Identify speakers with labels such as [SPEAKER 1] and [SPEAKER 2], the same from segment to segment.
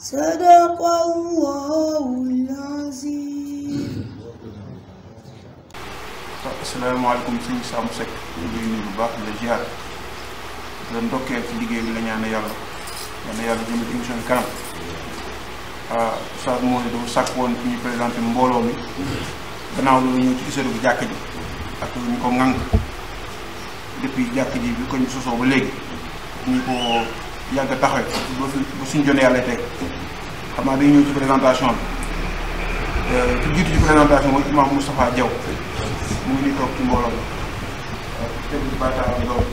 [SPEAKER 1] صدق الله العظيم
[SPEAKER 2] asalaamaaleykum sëñ Samou Seck ñu ngi nuyu bu baax la ziar la ndokkeel ci liggéey bi la ñaan yàlla ñaan yàlla jëmale émission bi kanam ah Sadio dafa sàkk woon fi ñu présenté mbooloo mi gannaaw loolu ñëw ci historique bi jàkk ji ak ñu ko ŋànk depuis jàkk ji bi ko ñu sosoo ba léegi ñu ko yàgg a taxawee bu suñ jonee yàlla teg xam naa dañu ñëw ci présentation bi euh, ki jiitu ci présentation mooy imam mu ngi ni toog ci mbooloo la euh, teg di bàttaar ak doom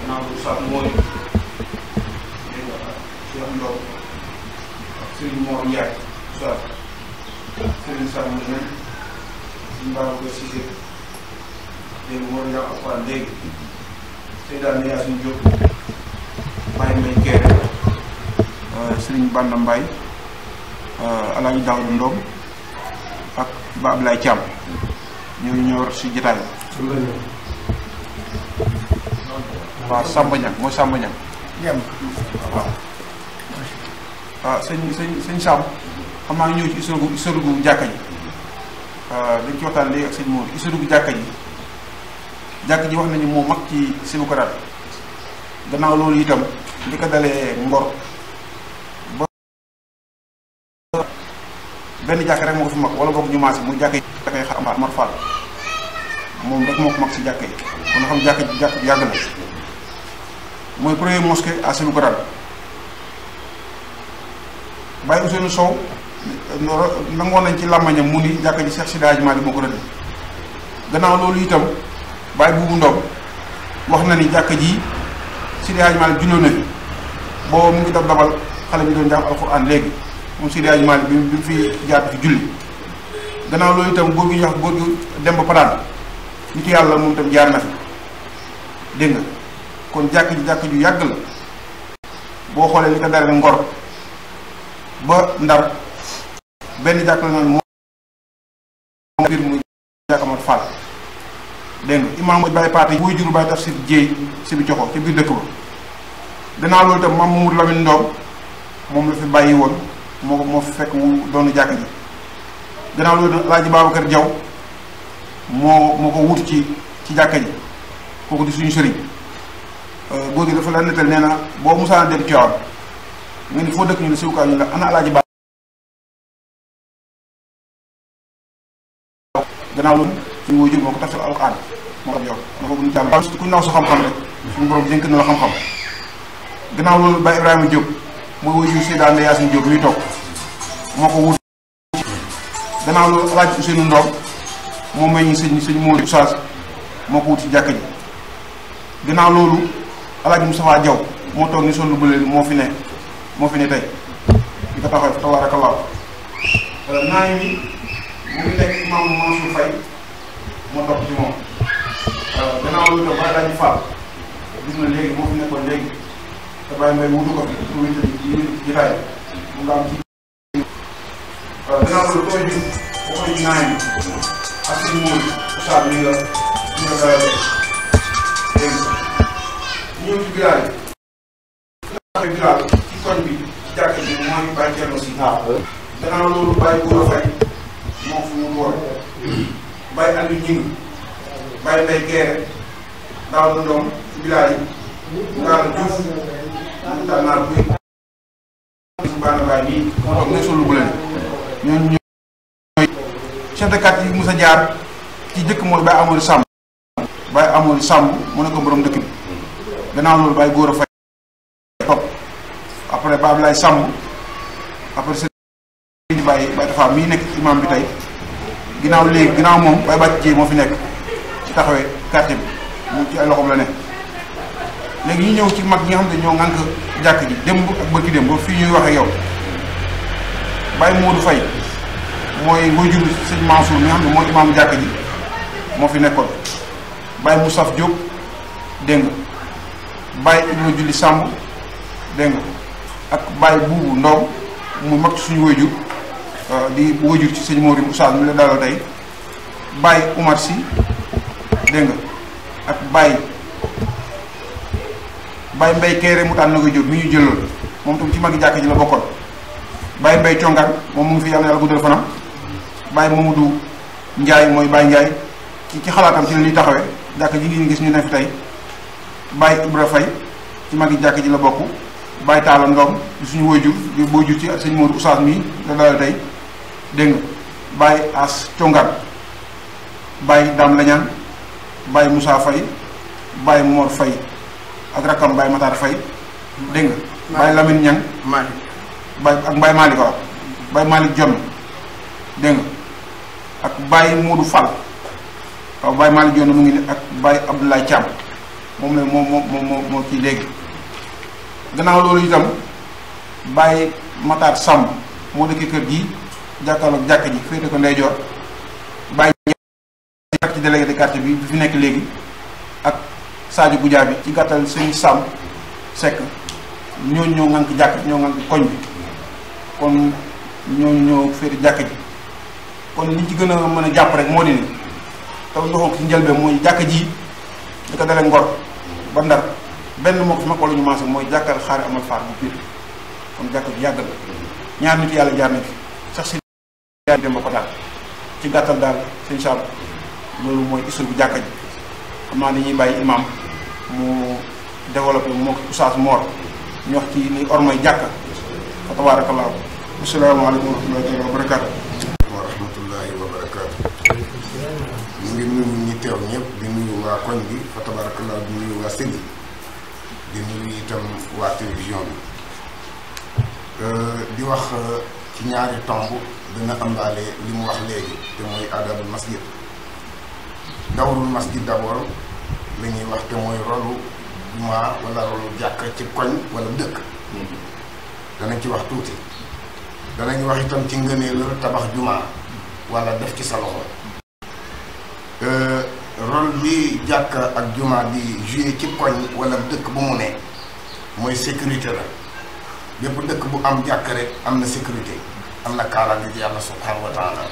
[SPEAKER 2] gannaaw bu sax mooy dégg nga Cheikh Ndow ak Serigne Mor Ndiaye sa Serigne Sall Mbengue suñu baaru ko Cissé dégg Mor Ndiaye ak Fane léegi Seydane Yacine Diop bàyyi may kere Euh, Serigne Banda Mbaye euh, Alaaji Daawda Ndoom ak Ba Ablaye Thiam ñooñu ñoo war si jotaay waaw Samba Niang mooy Samba Niang waaw waaw ah, sëñ sëñ sëñ Samb xam naa ñëw ci historique gu gu jàkka ji euh, dañ ci waxtaan léegi ak sëñ Mor historique gu jàkka ji jàkka ji wax nañu moo mag ci Sibukaraat gannaaw loolu itam li ko dalee Ngor benn jàkk rek moo ko fi mag wala boog ñu maas yi jàkkee jàkk yi kon xam jàkk jàkk yàgg na mooy premier mosquée à Sélou Grane Baye Ousseynou Sow nangoon nañ ci làmmañam mu ni jàkk ji Cheikh Sidi Hadji Malick moo ko rëdd gannaaw loolu itam Baye Boubou Ndom wax na ni jàkk ji Sidi Hadji Malick julloon na fi booba mu ngi dab dabal xale bi doon jàng alxuraan léegi moom Seydi Hadji Malick bi bi fi jàpp ci julli gannaaw loolu itam góor gi ñuy dem ba paraan nit yàlla moom itam jaar na fi dégg kon jàkk ji jàkk ju yàgg la boo xoolee li ko dara ngor ba ndar benn jàkk la noonu moom biir mu jàkk amat fàll dégg nga imaam bàyyi paate booy juru bàyyi tafsir jéey si bi joxo ci biir dëkk ba gannaaw loolu itam maam moom la fi bàyyi woon moo ko moo fi fekk mu doonu jàkka ji gannaaw loolu Alaaji Babacar Diaw moo moo ko wut ci ci jàkka ji kooku di suñu sëriñ euh, góor gi dafa la nettal nee na boo musaana dem Tiwaawan nga ni foo
[SPEAKER 3] dëkk ñu ne siwkaa ñu la ana Alaaji Ba
[SPEAKER 2] gannaaw loolu suñu wóoy jur moo ko tafsir alxuraan moo ko jox na ko ñu jàll ku naw sa xam-xam rek suñu borom dénk na la xam-xam gannaaw loolu Baye Ibrahima Diop mooy wóoy jur Seydaane Yaasin Diop ñuy toog moo ko wut gannaaw loolu El Hadj Ousseynou Ndom moom may ñu sëñ sëñ Modou Saas moo ko wut ci jàkka ji gannaaw loolu El Hadj Moustapha Diaw moo toog ni sonn bële moo fi ne moo fi ne tey di ko taxaw tabaarakallaa euh, naa ngi mu ngi nekk maam Mansour Faye moo topp ci moom euh, gannaaw loolu itam El Hadj Fall gis na léegi moo fi nekkoon léegi te bàyyi mbay wutu ko fi pour wéetal yi ci jotaay mu nga am ci gannaaw loolu soo ji waxuñu naaj ak suñu mboolu ustaat mi nga mi nga bayatee dégg nga ñëw ci village bi. village ci koñ bi ci jàkka bi mooy bàyyi kenn si. waaw gannaaw loolu bàyyi góor a fay moom fu mu boole. bàyyi ànd ñi bàyyi bay geere daaw du doom ci village yi mu daal Diouf mu daal naar buy. suñu bànn bàyyi nii. moo tax ne sulu bu leen. ñoom ñooy chef yi Moussa jaar ci jëkk moom Baye amoon Samb Baye Amadou Samb mu ne ko borom dëkk bi gannaaw loolu Baye Gora Faye topp après Baye Abdoulaye Samb après sëriñ Baye Baye Tafa mii nekk imam bi tey ginnaaw léegi ginnaaw moom Baye Bàcc moo fi nekk ci taxawee quartier bi ci ay loxoom la ne léegi ñu ñëw ci mag ñi nga xam ne ñoo ngànk jàkk ji démb ak bërki démb ba ñuy wax ak yow Baye Modou Faye mooy wajur sëñ Mansour mi nga xam ne mooy imaam jàkk ji moo fi nekkoon Baye Moussaf Diop dégg nga Baye Ibnu Julli Samb dégg nga ak Baye bu ndaw mu mag suñu wajur euh, di wajur ci sëñ Mori Moussa mi la dalal tey Baye Oumar Sy dégg nga ak Baye Baye Mbaye Kéré mu tànn na ko Diop ñu jëloon moom tam ci magi jàkk ji la bokkoon Baye mbay Congaan moom mu ngi fi yàlla yàlla guddal fanam Baye Mamadou Ndiaye mooy Baye Ndiaye ci ci xalaatam ci la ñuy taxawee jàkk ji ngeen gis ñu ne fi tey Baye Ibra Faye ci magi jàkk ji la bokk Baye Talla Ngom di suñu waajur di waajur ci sëñ Modou Oustaz mii la dalal tey dégg nga Baye As Congaan Baye Dame Lañaan Baye Moussa Faye Baye Mor Faye ak rakkam Baye Matar Faye dégg nga Baye Lamine Baye ak Baye Malick waaw Baye Malick Jonn dégg nga ak Baye Modou Fall waaw Baye Malick Jonn mu ngi ne ak Baye Abdoulaye Thiam moom la moom moom moo moo kii léegi gannaaw loolu itam Baye Matar Samb moo dëkk kër gi jàkkaarloog jàkka ji féete ko ndeyjoor Baye ci délégué de bi bi fi nekk léegi ak Sadio Goudia bi ci gàttal sëñ Samb Seck ñoo ñoo ŋànk jàkk ñoo ŋànk koñ bi kon ñoo ñoo féete jàkk ji kon li ci gën a mën a jàpp rek moo di ni taw ñu ci njëlbeen mooy jàkk ji li ko dalee ngor ba ndar benn moo ko fi mag wala ñu maasoo mooy jàkka xaari amal faar kon jàkk ji yàgg na ñaar nit yàlla jaar dem ba ko daal ci gàttal daal sëñ Saal loolu mooy histoire bu jàkka ji xam naa dañuy bàyyi imam mu développé moo ko Oustaz Mor ñu wax ni ormay jàkka fa tabaarakallaahu asalaamaaleykum wa rahmatullahi taala wa barakaatu.
[SPEAKER 4] wa rahmatullahi wa barakaatu. ñu ngi nuyu teew ñëpp di nuyu waa koñ bi fa tabarakallah di nuyu waa sëñ di nuyu itam waa télévision bi euh, di wax euh, ci ñaari tomb dina àmbaale li mu wax léegi te mooy adabul masjid dawrul masjid d'abord la wax te mooy rolu jumaa wala rolu jàkk ci koñ wala dëkk mm-hmm. danañ ci wax tuuti danañ wax itam ci ngëneelu tabax jumaa walla def ci sa loxo euh, rôle bi jàkk ak jumaa di joué ci koñ wala dëkk bu mu ne mooy sécurité la bépp dëkk bu am jàkk rek am na sécurité am na kaaraange ci yàlla subhanahu wa taala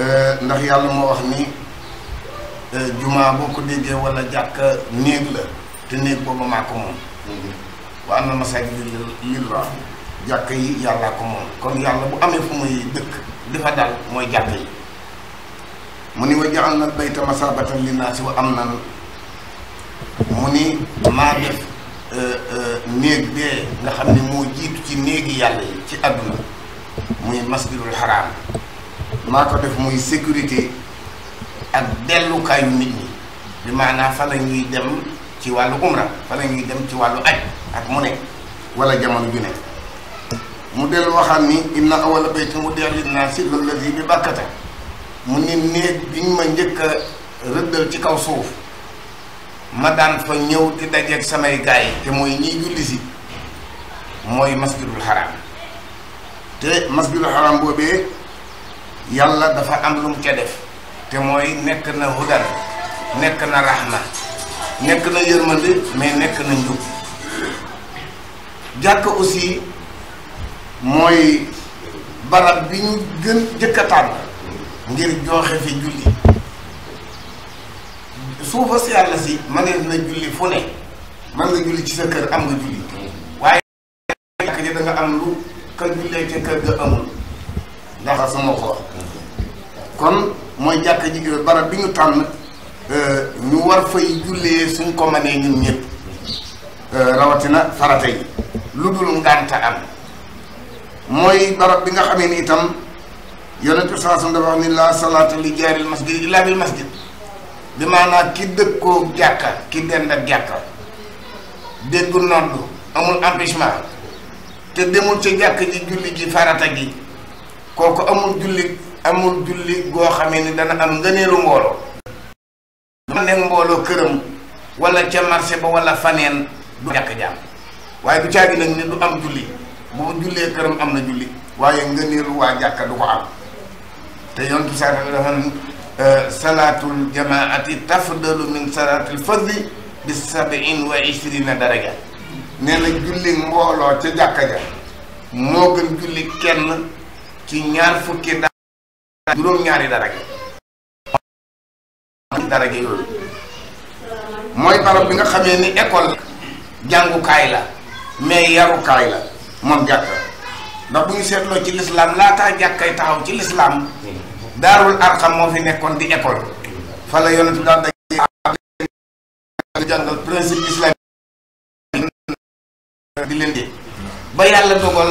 [SPEAKER 4] euh, ndax yàlla moo wax ni euh, jumaa boo ko déggee wala jàkk néeg la te néeg boobu maa ko moom wa anna masaajida lillaahi jàkk yi yàllaa ko moom kon yàlla bu amee fu muy dëkk di dal mooy jàkk yi mu ni wa ja'alna al-bayta masaabatan linnaasi am amnan mu ni maa def euh, euh, néeg bee nga xam ne
[SPEAKER 5] moo jiitu ci néegi yàlla yi ci àdduna muy masjidul haram maa ko def
[SPEAKER 4] muy sécurité ak dellukaayu nit ñi bi maanaa fa la ñuy dem ci wàllu umra fa la ñuy dem ci wàllu aj ak mu ne wala jamono ju ne mu dellu waxaat ni mu awala baytin wudi'a linnaasi lallazi bi bakkata mu ni néeg biñ ma njëkk rëddal ci kaw suuf ma daan fa ñëw di dajeeg samay gaay te mooy ñiy julli si mooy masjidul haram te masjidul haram boobee yàlla dafa am lu mu ca def te mooy nekk na hudan nekk na rahma nekk na yërmande mais nekk na njub jàkk aussi mooy barab bi ñu gën jëkk tànn ngir joxe fi julli suufa si yàlla si mënees na julli fu ne man nga julli ci sa kër am nga julli waaye jàkk ji da nga am lu ka jullee ca kër ga amul ndax sama ko kon mooy jàkk ji euh, barab bi ñu tànn euh, ñu war fay jullee suñ ko mënee ñun ñëpp euh, rawatina farata yi lu dul ngànta am mooy barab bi nga xamee ni itam yonent bi saasam dafa wax ni laa salaata li jaaril masjid illaa bil masjid bi maanaam ki dëkkoo jàkka ki dend ak jàkka déggul nodd amul empêchement te demul ca jàkk ji julli ji farata gi kooku amul julli amul julli goo xamee ni dana am ngëneelu mbooloo dama nekk mbooloo këram wala ca marché ba wala faneen du jàkk jaam waaye du caagi nag ni du am julli bu jullee këram am na julli waaye ngëneelu waa jàkka du ko am te yonent bi sax dafa ne salaatul jamaati tafdalu min salaatil fadli bi sabiin wa ishrina daraja nee na julli mbooloo ca jàkka ja
[SPEAKER 6] moo
[SPEAKER 3] gën julli kenn ci ñaar fukki dara juróom-ñaari daraja daraja mooy
[SPEAKER 4] barab bi nga xamee ni école jàngukaay la mais yarukaay la moom jàkka ndax bu ngi seetloo ci lislaam laataa jàkkay taxaw ci lislaam daarul
[SPEAKER 3] arxam moo fi nekkoon di école fa la yonent bi daan dañuy jàngal principe islam di leen di ba yàlla dogal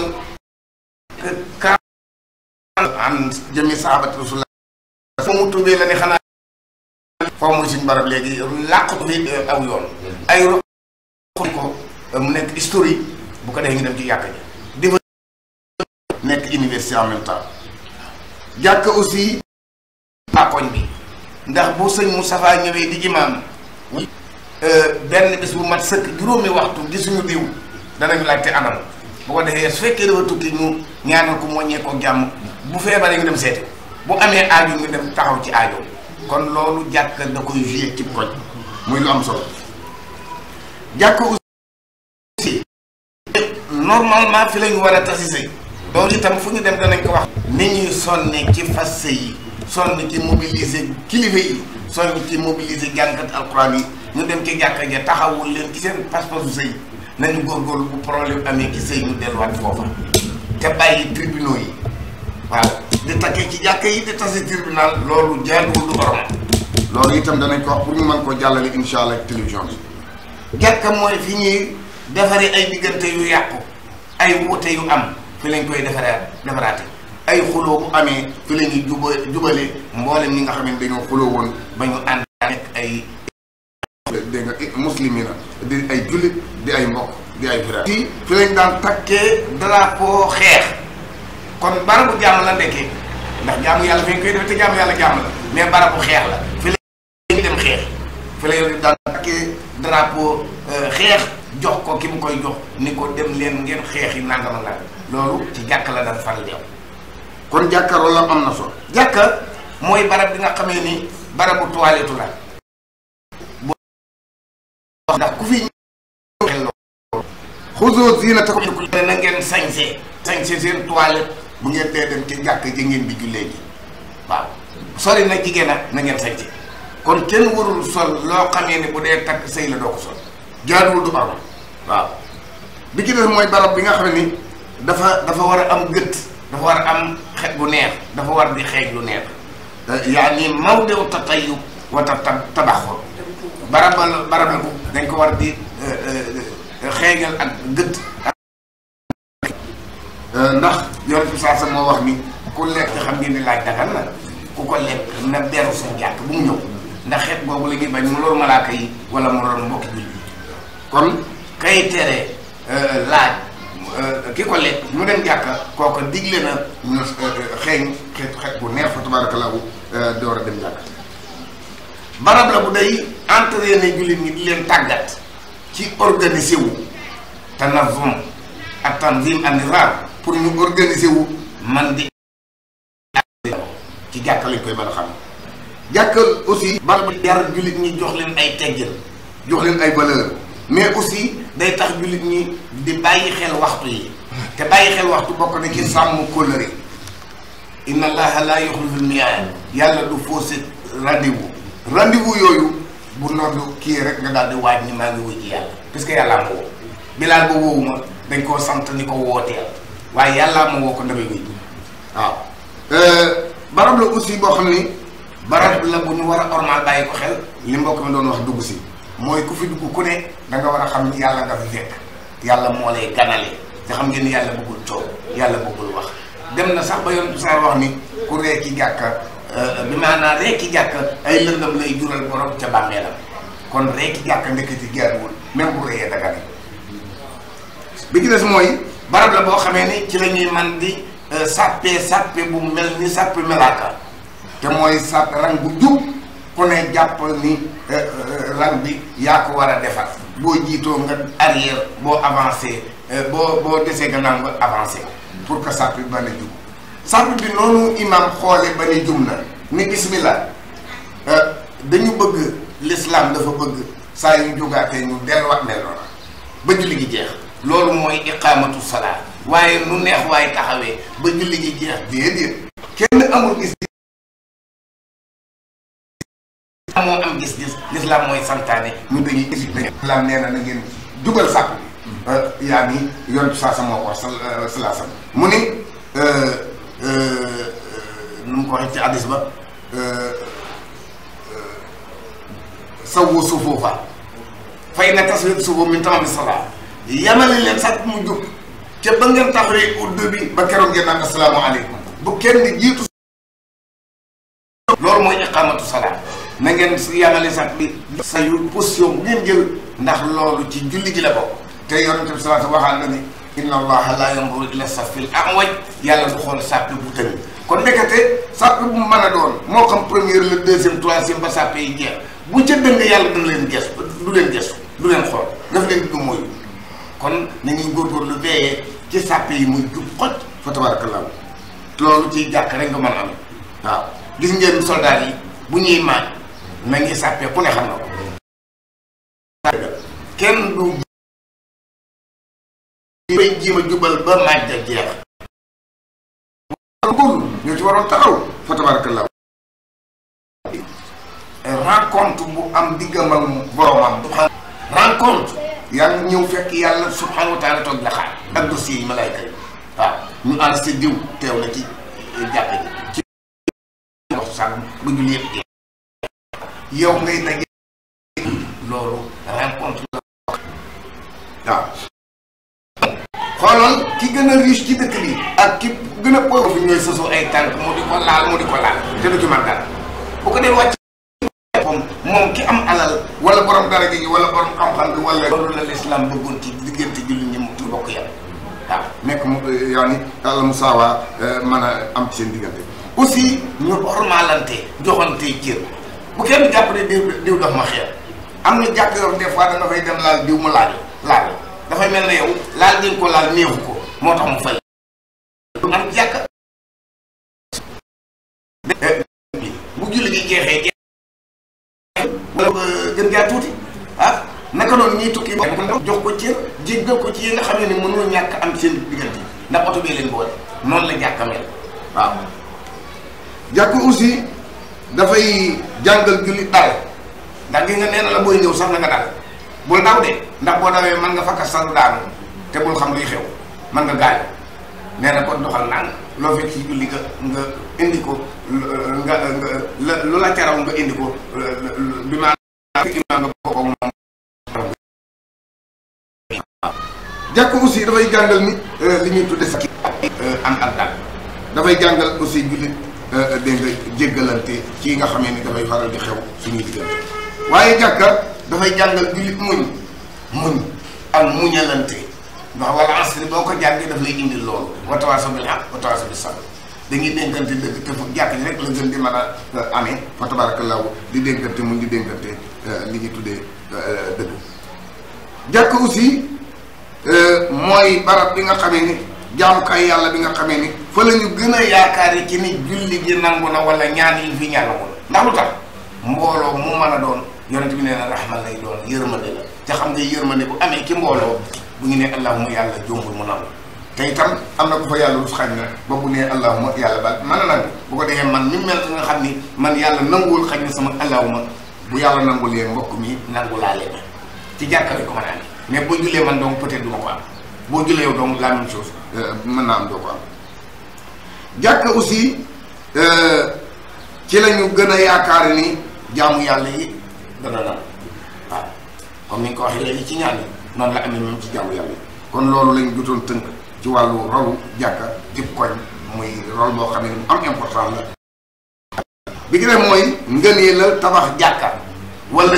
[SPEAKER 3] ka an jëmi sahabat rasulullah mu tuubee la ni xanaa foo mu suñ barab léegi làqut fi aw
[SPEAKER 4] yoon ay roxo ko mu nekk historique bu ko defee ngi dem ci yàq ji nekk université en même temps jàkk aussi koñ bi ndax bu sëñ Moustapha ñëwee di imaam euh, benn bis bu mat sëkk juróomi waxtu gisuñu diw danañ laajte anam boo ko defee su fekkee dafa tukki ñu ñaanal ko moo ñeekoo jàmm bu feebaree ñu dem seeti bu amee aajo ñu dem taxaw ci aajo kon loolu jàkk da koy vie ci koñ muy lu am solo jàkk aussi normalement fi lañu war a tasise loolu itam fu ñu dem danañ ko wax. ni ñuy sonne ci fas yi sonn ci mobiliser kilifa yi sonn ci mobiliser jàngat alxuraan yi ñu dem ci jàkka ja taxawul leen ci seen pas-pasu sëy nañu góorgóorlu bu problème amee ci sëy ñu delluwaat foofa te bàyyi tribunaux yi de di takkee ci jàkka yi di tase tribunal loolu jaaduwul du borom loolu itam danañ ko wax pour ñu mën ko jàllale incha allah télévision bi jàkka mooy fi ñuy defaree ay diggante yu yàqu ay wuute yu am. fi lañ koy defaraat defaraate ay xuloo bu amee fi jubale mboolem ñi nga xam ne dañoo xuloo woon ba ñu ànd nekk ay dégg nga muslimina di ay jullit di ay mbokk di ay firaat fii daan takkee drapeau xeex kon barabu jàmm la ndekkee ndax jaamu yàlla fi ñu koy def te jaamu yàlla jàmm la mais barabu xeex la fi daan takkee drapeau euh, xeex jox ko ki mu koy jox ni ko dem leen ngeen xeex yi nangama nangam loolu ci jàkka la daan faral di kon jàkka loolu am na solo jàkka
[SPEAKER 3] mooy barab bi nga xamee ni barabu toilette la ndax ku fi ñëw xusoo ziinatakum na ngeen sañse
[SPEAKER 4] sañse seen toilette bu ngeen dee dem ci jàkk ji ngeen jullee ji waaw sori na jigéen na ngeen sañse kon kenn warul sol loo xamee ni bu dee takk sëy la doo ko sol jaaduwul du waaw bi ci mooy barab bi nga xam ni dafa dafa war a am gët dafa war a am xet bu neex dafa war di xeej lu neex yaani mawdew tatayub wa tabaxur barabal barabal bu dañ ko war di eh, eh, xeegal ak gët ndax yonent bi saa sa moo wax ni ku lekk xam ngeen ni laaj dagan na ku ko lekk na beru sa jàkk bu mu ñëw ndax xeet boobu la ñuy bañ mu lor malaaka yi wala mu lor mbokki bi kon kay tere eh, laaj ki ko lekk mu dem jàkka kooka digle na ñu euh, euh, xeeñ xeet xeet bu neex fa tabarakallahu euh, door a dem jàkka barab la bu day entraîné jullit ñi di leen tàggat ci organisé wu tanazum ak tanzim ak nizam pour ñu organisé wu man di ci jàkka lañ koy mën a xam jàkka aussi barab yar jullit ñi jox leen ay teggin jox leen ay valeur mais aussi day tax jullit ñi di bàyyi xel waxtu yi te bàyyi xel waxtu bokk na ci sàmm kóllëre inna allaha la yuxliful miyaad yàlla du fausse rendez-vous rendez-vous yooyu bu noddu kii rek nga daal di waaj ni maa ngi wuy ci yàlla puisque yàllaa ma woo bilaal ba woowu dañ koo sant ni ko wooteel waaye yàllaa ma woo ko damay wuy waaw euh, barab la aussi boo xam ni barab la bu ñu war a ormal bàyyi ko xel li mbokk mi doon wax dugg si mooy ku fi dugg ku ne da nga war a xam ni yàlla nga fi fekk yàlla moo lay ganale te xam ngeen yàlla bëggul coow yàlla bëggul wax dem na sax ba yoon Sarr wax ni ku ree ki jàkka euh, bi maanaam ree ki jàkka ay lëndam lay jural borom ca bàmmeelam kon ree ki jàkka ndeketi jaarul même bu reyee daga bi ci mooy barab la boo xamee ni ci la ñuy man di sàppee euh, sàppe bu mel ni sàppe melaaka te mooy sàppe rang bu jub ku ne jàpp ni eh, eh, ran bi yaa ko war a defar boo jiitoo nga arrière boo avancé eh, boo boo desee gannaaw nga avancé pour que sàpp bi mën a jub sàpp bi noonu imam xoole ba ne jum na ni bismillah dañu bëgg l'islam dafa bëgg saa yu jógaatee ñu delluwaat delloo na ba julli gi jeex loolu mooy iqaamatu salaat waaye
[SPEAKER 3] nu neex waaye taxawee ba julli gi jeex déedéet kenn amul gis l'islam moo am gis-gis l'islam mooy santaane ñu dañuy hésité.
[SPEAKER 4] l'islam nee na na ngeen dugal sàpp bi. Euh, yaa ngi yontu saa sa moo ko wax euh, salaasam mu ni euh, nu mu ko waxee ci hadis ba sawwu sufuufa fa inna taswiya sufuuf min tamaami salaa yamali leen sàpp mu jub te ba ngeen taxawee uddu bi ba keroog ngeen naan asalaamaaleykum bu kenn jiitu. loolu mooy iqaamatu salaat na ngeen si yàllale sax bi sa yu position ngeen jël ndax loolu ci julli ji la bokk te yonent bi salaatu waxaan na ni inna allaha la yanzuru ila safil a'waj yàlla du xool sàppe bu tënk kon ndekete sàppe bu mu mën a doon moo xam première le deuxième troisième ba sàppe yi jeex bu ca dëng yàlla dana leen ges du leen gesu du leen xool daf leen du mooyu kon nañuy góorgóorlu veillé ci sàppe yi muy jub xoj fa tabarakallahu loolu ci jàkk rek nga mën a am waaw gis ngeen
[SPEAKER 3] soldat yi bu ñuy maañ ma ngi sàppee ku ne xam na ko kenn du bay jima jubal ba maaj ja jeex góorlu ñoo ci waroon taxaw fa tabarakallah rencontre bu am diggamal boromam du xam
[SPEAKER 4] rencontre yaa ñëw fekk yàlla subhanahu wa taala toog ak dossier yi malaayka yi
[SPEAKER 3] waaw ñu ànd sa diw teew na ci jàkk ji ci wax sàmm bu ñu lépp yow ngay daje loolu rencontre la waaw xoolal ki gën a
[SPEAKER 4] ci dëkk bi ak ki gën a fi ñooy sosoo ay tànk mu di ko laal mu di ko laal te du ci man dara ko dee wàcc moom ki am alal wala borom dara gi wala borom xam-xam bi wala loolu la lislaam bëggoon ci diggante julli ñi mu tur bokk yàlla waaw nekk mu yàlla mu saawaa eh, mën a am seen diggante aussi ñu ormalante joxante cër bu kenn jàpp ne diw diw ma xeer am na jàkk yoo des fois
[SPEAKER 3] da fay dem laal diw mu laal laal dafay mel ne yow laal ngeen ko laal néewu ko moo tax jàkk bu julli gi jeexee gën gaa tuuti ah
[SPEAKER 4] naka noonu ñuy tukki ba jox ko cër jéggal ko ci yi nga xam ne ni mënul ñàkk am seen diggante ndax oto bee leen boole noonu la jàkka mel waaw jàkk aussi dafay jàngal julli dal ndax gi nga nee na la booy ñëw sax na nga dal bul daw de ndax boo dawee mën nga fakka salu daanu te bul xam luy xew mën nga gaañu nee na kon doxal naan loo fekk ci nga nga indi ko lu
[SPEAKER 3] la caraw nga indi ko bi maanaam nga ko moom jàkk aussi dafay jàngal nit euh, li ñuy tudde
[SPEAKER 4] sa euh, am ak dal dafay jàngal aussi jullit Euh, dégg nga jéggalante ci nga xamee ni dafay faral di xew suñuy diggante waaye jàkka dafay jàngal jullit muñ muñ ak muñalante ndax wala asri boo ko jàngee daf lay indil loolu wa tawaasaw bil haqq wa tawaasaw bis sabr dañuy dénkante dëgg te fu jàkk ji rek la gën di mën a euh, amee fa tabarakallahu di dénkante muñ di dénkante euh, li ñu tuddee dëgg jàkk aussi mooy barab bi nga xamee ni jaamukaay yàlla bi nga xamee ni fa la gën a yaakaar yi ci ni julli gi nangu na wala ñaan yi fi ñaanagul ndax lu tax mbooloo mu mën a doon yonent bi nee na rahma lay doon yërmande la te xam nga yërmande bu amee ci mbooloo bu ñu ne allahuma yàlla jombul mu nangu te itam am na ku fa yàlla lu xañ na ba bu nee allahuma yàlla ba man a nangu bu ko defee man mi mel nga xam ni man yàlla nanguwul xañ na sama allahuma bu yàlla nangu leen mbokk mi nangu laa leen ci jàkkale mais boo jullee man donc peut-être boo jullee yow donc la Euh, mën naa am doo ko am jàkk aussi euh, ci la ñu gën a yaakaar ni jaamu yàlla yi dana dal waaw comme ni nga ko waxee léegi ci ñaan yi noonu la amee même ci jaamu yàlla yi kon loolu lañ jotoon tënk ci wàllu rolu jàkka cib koñ muy rol boo xam ne mu am importance la bi gi mooy ngënee la tabax jàkka wala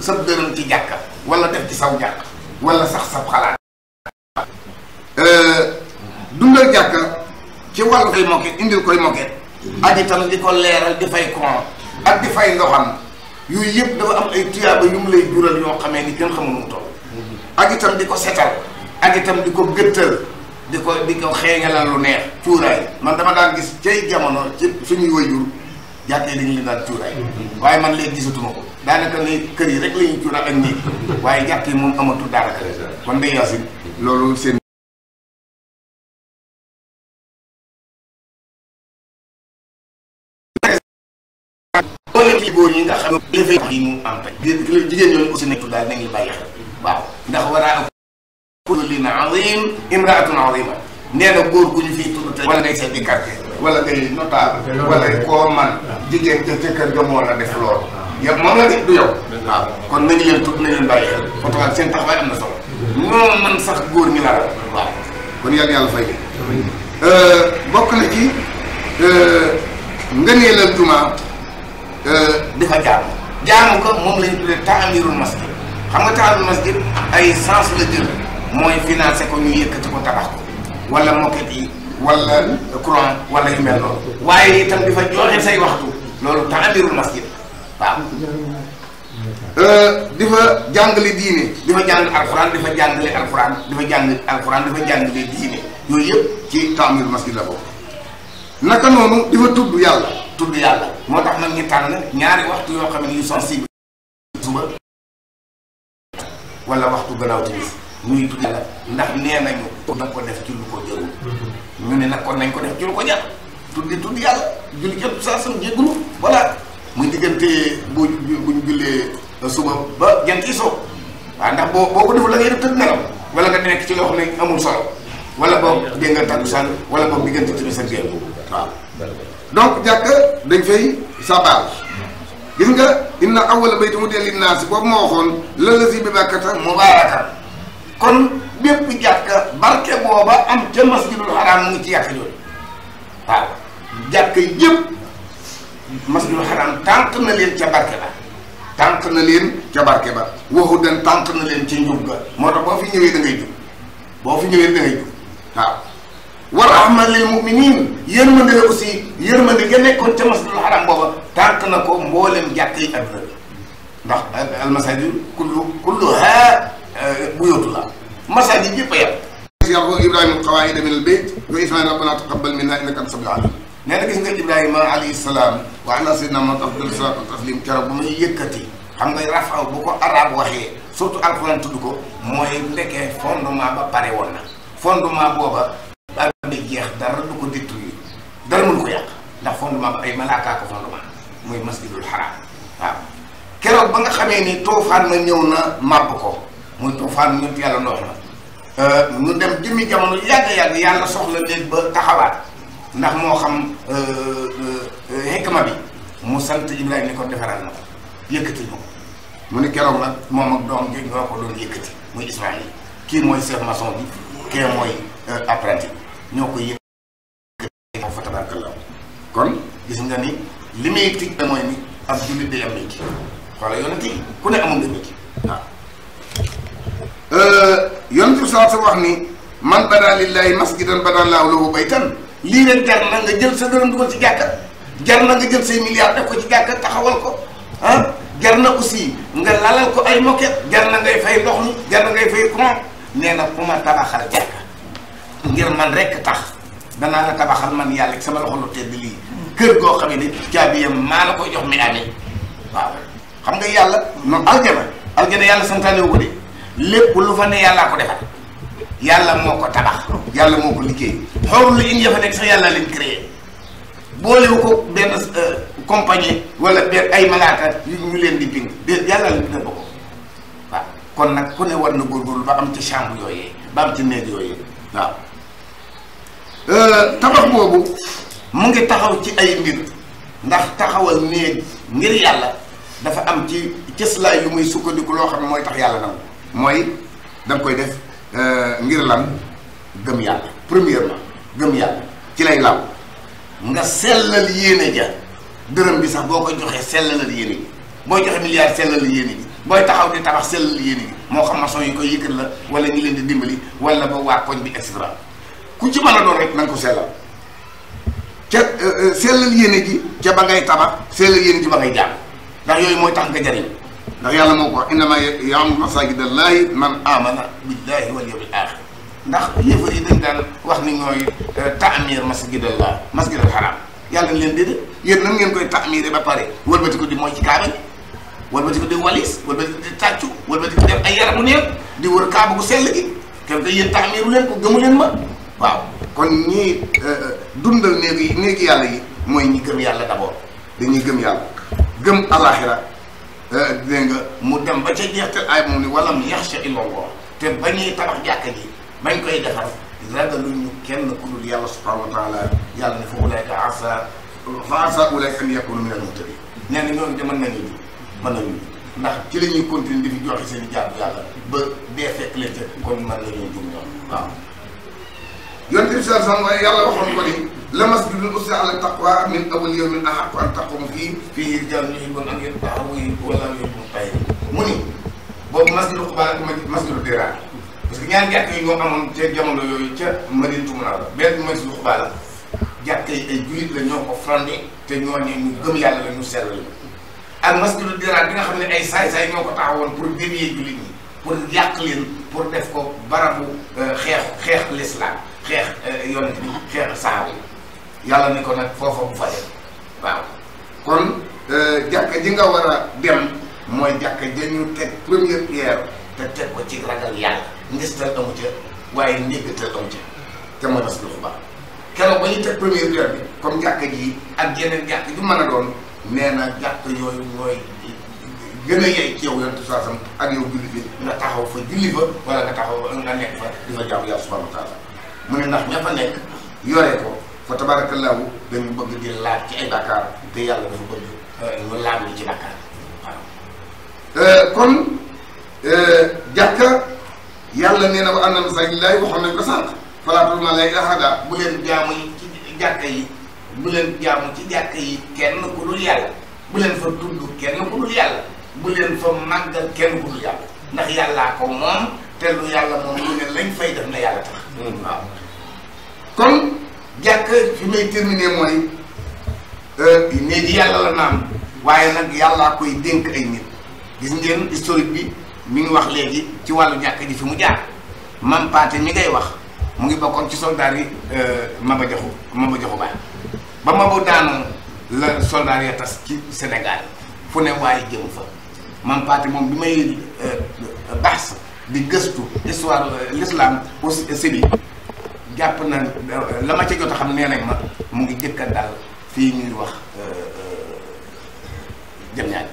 [SPEAKER 4] sa dërëm ci jàkka wala def ci saw jàkka wala sax sab xalaat Euh, dundal jàkka ci wàllu koy mokket indil koy mokket ak itam di ko leeral di fay koor ak di fay ndoxam yooyu yëpp dafa am ay tuyaaba yu mu lay jural yoo xamee ni kenn xamul mu ak itam di ko setal ak itam di ko gëttal di ko di ko xeeñalal lu neex cuuraay man dama daan gis cay jamono ci suñuy wayjur jàkkee dañu leen daan cuuraay waaye man léegi gisatuma ko daanaka ne kër yi rek la ñuy cuuraay ak néeg
[SPEAKER 3] waaye jàkkee moom amatul daanaka kon de yaasin loolu seen ci góor ñi nga xam ne dafay tax yi mu am tey jigéen ñooñu la bàyyi
[SPEAKER 4] ndax war a kullin azim imraatun azima nee na góor gu ñu fii tudd te wala ngay seet di quartier wala ngay man jigéen ca jëkkër ja moo def loolu yow moom la de du yow waaw kon nañu leen tudd nañu leen bàyyi xel fotoal seen taxawaay am na solo ñi la waaw kon yàlla yàlla euh, bokk na ci euh, ngëneelal jumaa Euh, di fa jaamu jaamu ko la ñu tuddee taamirul masjid xam ay sens la jël mooy financé ko ñu yëkkati ko tabax ko wala moquette waaye itam di fa joxe say waxtu loolu taamirul masjid waaw euh, di fa jàngale diine di fa jàng alxuraan di fa jàngale alxuraan di fa jàng alxuraan di fa jàngale diine yooyu yëpp ci taamirul masjid la boobu naka noonu di fa tudd yàlla tudd yàlla
[SPEAKER 3] moo tax nag ñu tànn ñaari waxtu yoo xam ne yu sensible suba wala waxtu gannaaw timis ñuy tudd yàlla ndax nee nañu nag ko def ci ko jëru
[SPEAKER 4] ñu ne nag kon nañ ko def ci lu ko jar tudd tudd yàlla julli jël sa sam jéggulu voilà muy diggante bu buñ jullee suba ba jant yi soo waaw ndax boo boo ko deful la ngay def tëdd nelaw wala nga nekk ci loo ne amul solo wala boog dégg nga tàggu sànn wala boog diggante timis ak jéego waaw donc jàkk dañ fay sabage gis nga inna awwala bayti wudi'a linnaasi boobu ma waxoon la la si bi bakkata mubaarakan kon bépp jàkka barke booba am ca masjidul haram mu ci yàkk jooju waaw jàkk yëpp masjidul haram tànk na leen ca barke ba tànk na leen ca barke ba waxu den tànk na leen ca njub ga moo tax boo fi ñëwee da ngay jub boo fi ñëwee da ngay jub waaw wa rahma lil muminin yërmande la aussi yërmande nga nekkoon ca masjidul haram booba tànk na ko mboolem jàkk yi adduna bi ndax al masajid kullu kulluha euh, buyootu la masajid yëpp a yàq yarfau ibrahima alqawaida min al bayt wa ismail rabbana taqabbal minna innaka anta samiul alim nee na gis nga ibrahima alayhi salaam wa ala taslim keroog bu muy yëkkati xam nga rafa ko arab waxee surtout alquran tudd mooy ndekkee fondement ba pare woon na fondement ba am jeex dara lu ko détruire dara mënu ko yàq ndax fondement ba ay malaakaa ko fondement muy masjidul haram waaw keroog ba nga xamee ni toofaan na ñëw na màbb ko muy toofaan ñun yàlla ndox na euh, ñu dem jëmmi jamono yàgg-yàgg yàlla soxla leen ba taxawaat ndax moo xam euh, euh, hikma bi mu sant Ibrahima ni ko defaral na ko yëkkati ñu mu ni keroog moom ak doom ji ñoo ko kii mooy chef maçon bi kii mooy apprenti ñoo ko yëkkati kon gis nga ni li muy tigg mooy ni ab jullit day am métier walla yonent yi ku nekk amul nga métier waaw euh, yonent bi saa sa wax ni man banaa lillaahi masjidan banaa llaahu lahu baytan lii rek jar na nga jël sa dërëm dugal ci jàkka jar na nga jël say milliards def ko ci jàkka taxawal ko ah na aussi nga lalal ko ay moquette jar na ngay fay ndox mi jar ngay fay courant nee na ku tabaxal jàkka ngir man rekk tax danaa la tabaxal man yàlla sama loxo lu tedd lii kër goo xam ne caabiyam maa la koy jox mi amee waaw xam nga yàlla moom aljana aljana yàlla santaane wu ko de lépp lu fa ne yàllaa ko defal yàlla moo ko tabax yàlla moo ko liggéey xool lu in ya fa nekk sax yàlla leen créé boolewu ko benn euh, compagnie walla benn ay malaata yu ñu leen di bind de yàlla leen dina ko waaw kon nag ku ne war na góorgóorlu ba am ci chambre yooyee ba am ci Euh, tabax boobu mu ngi taxaw ci ay mbir ndax taxawal néeg ngir yàlla dafa am ci cëslaay yu muy sukkandiku loo xam ne mooy tax yàlla na mooy danga koy def euh, ngir lan gëm yàlla premièrement gëm yàlla ci lay law nga sellal yéene ja dërëm bi sax boo ko joxee sellalal yéene ji booy joxe milliard sellal yéene ji booy taxaw di tabax sellal yéene ji moo xam maçon yi koy yëkkat la wala ñi leen di dimbali wala ba waa koñ bi et cetera ku ci mën a doon rek na nga ko sellal ca euh, euh, sellal yéene ji ca ba ngay tabax sellal yéene ji ba ngay jàng ndax yooyu mooy tax nga jariñ ndax yàlla moo ko wax innama ya'muru ma llaahi man amana billahi wal yawmil axir ndax yëfar yi dañ daan wax ni ñooy euh, taamir masjid allah masjid al haram yàlla leen yéen nan ngeen koy taamire
[SPEAKER 5] ba pare wëlbati ko di mooy ci kaaba wëlbati ko di walis wëlbati ko di tàccu wëlbati ko def
[SPEAKER 4] ay yaramu neew di wër kaaba gu sell gi kenn ko yéen taamiru ko gëmu leen ma waaw kon ñii euh, euh, dundal néegi néegi yàlla yi mooy ñi gëm yàlla d'abord dañuy gëm yàlla gëm alaxira euh, dégg mu dem ba ca jeextal ay moom ni wala mu yaxsha illallah te ba ñuy tabax jàkka ji bañ koy defar ragaluñu kenn ku dul yàlla subhanahu wa yàlla ne fa ulayka asa fa asa ulayka an yakunu min al muhtadin nee na ñoom de mën nañu ji nañu ndax ci la ñuy continuer di joxe seen i yàlla ba dee fekk leen ca kon mën nañoo jum ñoom waaw yonent bi sallallahu alayhi wa sallam yàlla waxoon ko ni la masjidun ussisa ala taqwa min awwal yawmin ahaqqu an taquuma fiihi fiihi rijaalun yuhibbuuna an yutahharu wa yallaahu yuhibbul mutahhiriin mu ni boobu masjidu Qubaa ak masjidu Diraar parce que ñaari jàkk yi ñoo amoon ca jamono yooyu ca Madinatu Munawwara benn masjidu Qubaa la jàkk yi ay jullit la ñoo ko fondé te ñoo ne gëm yàlla la ñu sell la ak masjidu Diraar bi nga xam ne ay saay-saay ñoo ko taxawoon pour dévier jullit ñi ko barabu euh, xeexu xeex l'islam xeex euh, yoon bi xeex saxaaba yi yàlla ni ko nag foofa bu fa dem waaw kon euh, jàkka ji nga war a dem mooy jàkka dañu teg première pierre te teg ko ci ragal yàlla ngistal amu ca waaye njëggatal amu ca te mooy mas lu baax ba ñu teg première pierre bi comme jàkka ji ak yeneen jàkk ju mën a doon nee na jàkk yooyu mooy gën a yey ci yow yonent saasam ak yow julli
[SPEAKER 6] bi nga taxaw fa julli fa wala nga taxaw nga nekk fa di fa jaamu yàlla subhanahu wa taala mu ne ndax
[SPEAKER 4] ña fa nekk yore ko fa tabarakallahu dañu bëgg di laaj ci ay bàkkaar te yàlla dafa bëgg euh, ñu laaj ci bàkkaar waaw euh, kon euh, jàkka yàlla nee na wa anna masaajida lillaahi waxoon nañ ko sànq falaa tad'uu ma'a llaahi ahadaa bu leen jaamu ci jàkka yi bu leen jaamu ci jàkka yi kenn ku dul yàlla bu leen fa tudd kenn ku dul yàlla bu leen fa màggal kenn ku dul yàlla ndax yàllaa ko moom te lu yàlla moom lu ne lañ fay def na yàlla tax hmm. waaw kon jàkk fi may terminé mooy euh, ne di yàlla la naan waaye nag yàllaa koy dénk ay nit gis ngeen historique bi mi ngi wax léegi ci wàllu jàkk ji fi mu jaar mam paate mi ngay wax mu ngi bokkoon ci soldaar yi euh, Maba Jaxu Maba Jaxu Ba ba Maba daanoo la soldaar ya tas ci Sénégal fu ne waaye jëm fa mam moom bi may euh, baax di gëstu histoire l'islam aussi sibi jàpp na la ma ca jot a xam nee ma mu ngi jëkk a dal fii ñuy wax jëm ñaaj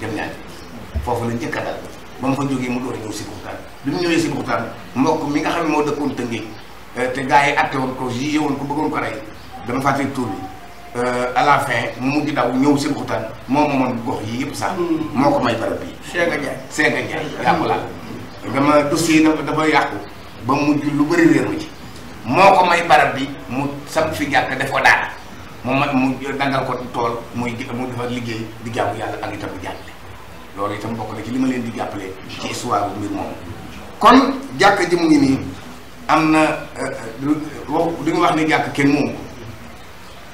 [SPEAKER 4] jëm foofu la njëkk a dal ba mu fa jógee mu door a ñëw si buxtaan bi mu mbokk mi nga xam moo dëkkoon Tëngéej euh, te gars yi atte ko jugé woon ko bëggoon ko rey bi euh, à mu mujj daw ñëw si buxtaan moom moomoon gox yi yëpp sax hmm. moo ko may barab bii Sega Ndiaye Sega Ndiaye yàqu laal dama dossier dafa yàqu ba mujj lu bëri réer ma ci moo ko may barab bi mu sam fi jàkk def ko daal moom ma mu dangal ko tool muy mu defar liggéey di jàpp yàlla ak itam di jàppale loolu itam bokk na ci li ma leen di jàppale ci histoire bu mbir moomu kon jàkk ji mu ngi nii am na eh, eh, du ñu wax ni jàkk kenn moomu ko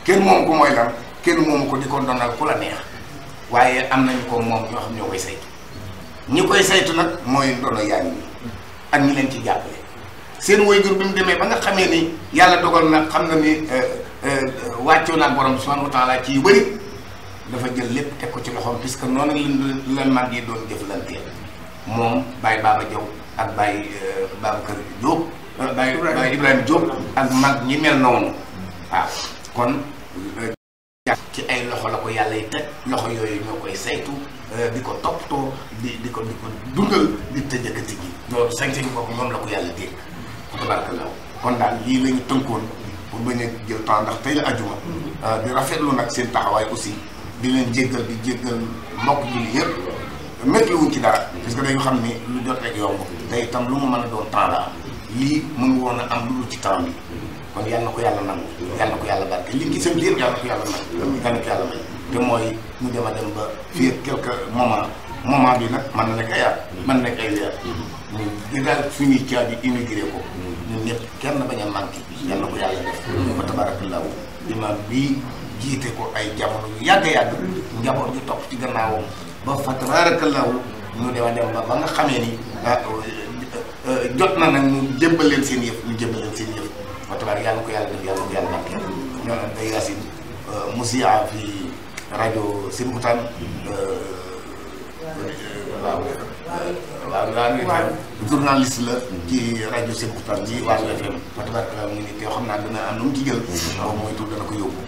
[SPEAKER 4] kenn moomu ko mooy lan kenn moomu ko di ko dondal ku la neex waaye am nañu ko moom ñoo xam ñoo koy saytu ñi koy saytu nag mooy ndono yaa ak ñi leen ci jàppale seen waajur bi ñu demee ba nga xamee ni yàlla dogal na xam na ni euh, euh, wàccoo naag borom subhanahu wa taala ci yu bëri dafa jël lépp teg ko ci loxoom puisque noonu la leen mag yi doon jëflantee moom Baye Baba Diaw ak Baye euh, Babacar Diop. Baye Baye Ibrahima Diop ak mag ñi mel noonu waaw kon. ci ay loxo la ko yàlla yi teg loxo yooyu ñoo koy saytu di ko toppatoo di di ko di ko dundal di tëjëkkati gi loolu sañ-sañ boobu moom la ko yàlla dégg tabarkalaaw kon daal lii la ñu tënkoon pour bañ a jël temps ndax tey la ajuma euh, di rafetlu nag seen taxawaay aussi di leen jéggal di jéggal mbokk julli yëpp métti wuñ ci dara parce que dañu xam ne lu jot rek yomb te itam lu mu mën a doon temps la am lii mënu woon a am lu dul ci temps bi kon yal na ko yàlla nangu yal ko yàlla barke li ngi seen biir yal ko yàlla nangu yal na ko yàlla may te mooy mu dem a dem ba fii quelque moment moment bi nag man na nekk ñu digal suñuy caabi inauguré ko. ñun ñëpp kenn bañ a manqué. yàlla ko yàlla def. fa tabaarakallaahu imaam bii jiite ko ay jamono yu yàgg yàgg. njaboot ñu topp ci gannaawam. ba fa tabaarakallaahu ñu dem a dem ba ba nga xamee ni. Ah, euh, euh, jot na nag ñu jébbal leen seen yëf ñu jébbal leen seen yëf fa tabaar yàlla ko yàlla def yàlla ko yàlla manqué. ñoo naan euh, fi rajo Sébikotane. waaw waaw waaw journaliste la ci rajo Sèye Mouktar ji Waar FM Fatabaar mu ngi te xam naa dana am lu mu ci jël waaw mooy tur dana ko yóbbu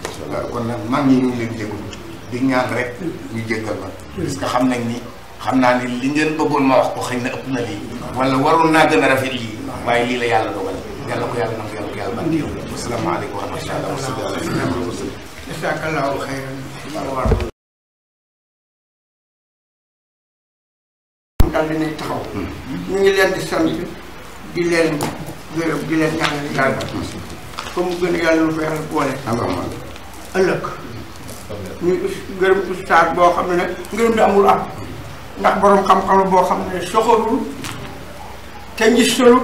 [SPEAKER 4] kon nag mag ñi ñu ngi leen jégalu di ñaan rek ñu jéggal ma parce que xam nañ ni xam naa ni li ngeen bëggoon ma wax ko xëy na ëpp na lii wala waroon naa gën a rafet lii waaye lii la yàlla dogal yàlla ko yàlla nangu yàlla ko yàlla barkeel
[SPEAKER 3] asalaamaaleykum wa rahmatulah
[SPEAKER 6] wa sallam
[SPEAKER 3] dal dinañ taxaw. ñu ngi leen di sant
[SPEAKER 6] di leen gërëm di leen ñaanal yàlla. comme gën yàlla lu ko yàlla boole. ëllëg. ñu gërëm ustaas boo xam ne nag ngërëm di amul am ndax borom xam-xam boo xam ne soxorul te ngistalu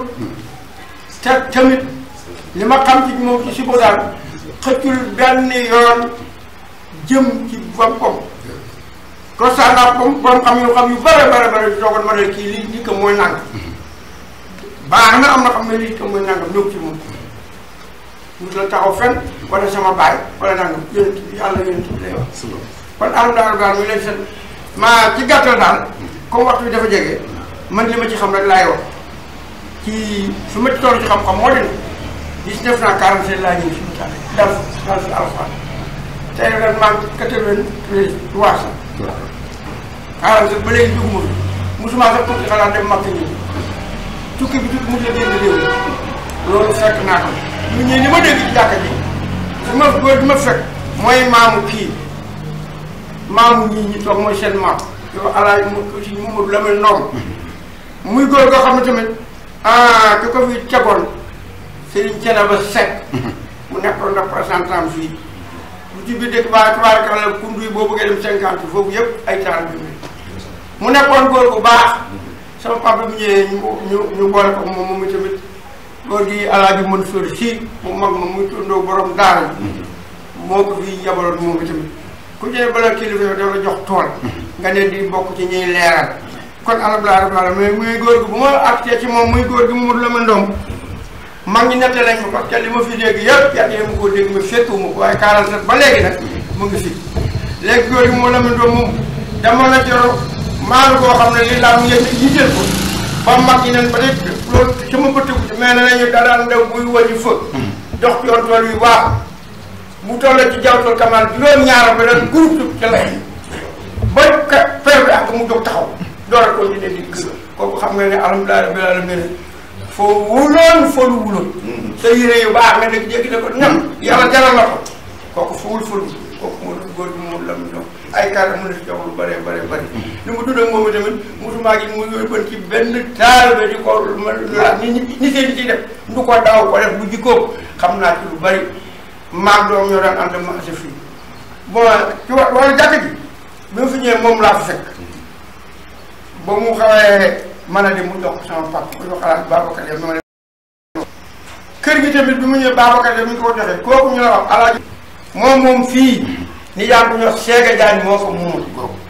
[SPEAKER 6] te tamit li ma xam ci moom ci si ko daal xëccul benn yoon jëm ci boppam constat naa comme borom xam yu xam yu bare bare bare di toogoon ma ne kii lii lii ko mooy nangam baax na am na xam ne lii ko mooy nangam ñëw ci moom mu la taxaw fenn wala sama baay wala nangam yonent bi yàlla yonent bi lay kon alam daal daal daal man li ma ci ci su ma ci toll ci xam-xam moo xaaral sax ba léegi dugg moom mosuma sax tuuti xalaat dem màkk ñëw tukki bi tukki mu la génn réew loolu fekk naa ko ñu ñëw ni ma dégg ci ji su ma góor bi ma fekk mooy maamu kii maamu ñii ñi toog mooy seen maam yow alaay mu si Mamadou la may noom muy góor goo xam ne tamit ah ki ko fi tegoon Serigne Thiénaba Seck mu nekkoon représentant fii lu ci biir dëkk baa tubaarkalla kundu yi boo bëggee dem cinquante foofu yëpp ay taal bi mu nekkoon góor bu baax sama papa mu ñëwee ñu ñu ñu boole ko moom moomu tamit góor gi alaaji Mansour si mu mag ma muy tundoo borom daara moo ko fi yabaloon moom tamit ku ci ne bala kilifa dafa jox tool nga ne di bokk ci ñuy leeral kon alhamdulilah rabbil alamin muy góor gi bu ma acté ci moom muy góor gi mu la ma ndomb mag ñi nette lañ ma ko te li ma fi dégg yëpp yàlla yéen ma koo dégg ma fekkuwuma ko waaye 47 mu ngi fi léegi góor gi moo la mën doon moom dama la joro xam ne li laa mu ngeen yitteel ko ba mag ñi nen ba léegi loolu sama bëttëgu ci mais ne nañu daan ndaw buy wàññi fa dox hmm. yoon tool yu baax bu tollee mu jóg taxaw door a nga ne alhamdulilah foo wuloon folu wuloon mm-hmm. sa yére yu baax nga nekk jékki ne ko ñam yàlla la ko kooku fuwul folu kooku moo bi mu lam ñoom ay kaata mu ne si jox lu bare bare bëri li mu dund ak mu yóbban ci ko la naa ci lu bëri maag doom ñoo daan ànd fii bon ci wa wàllu jàkk ji bi mu fi ñëwee moom laa fa fekk ba mu xawee man a dem mu jox sama papa ku ñu xalaat Babacar Dia bi ma leen kër gi tamit bi mu ñëwee Babacar Dia bi ñu ko joxee kooku ñu la wax alaaji moom moom fii ni yaa moo ko moomu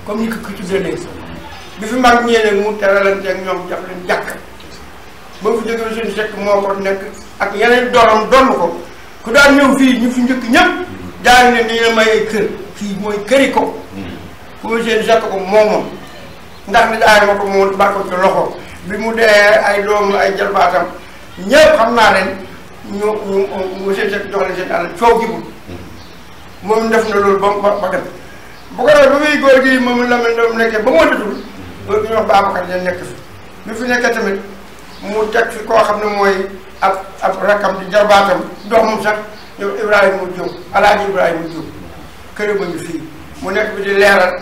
[SPEAKER 6] googu ku tuddee léegi bi moo ko nekk ak yeneen doomam donn ko ku daan ñëw fii ñu fi njëkk ñëpp ne ni la may kër fii mooy këri ko. Mm. ku seen jàkk ko moomam. ndax nit aay ma ko mu bàkkoon ci loxo bi mu dee ay doomu ay jalbaatam ñëpp xam naa leen ñu ñu mu seen seen jox leen seen àll coow jibul moom def na loolu ba ba ba dem bu ko defee ba muy góor gi moom la mel ne nekkee ba mu wëddatul góor gi ñu wax Babacar Dieng nekk fi bi fi nekkee tamit mu teg fi koo xam ne mooy ak ab rakkam di jarbaatam doomam sax ñoom Ibrahima Diop Alaaji Ibrahima Diop kër ma ngi fii mu nekk bi di leeral.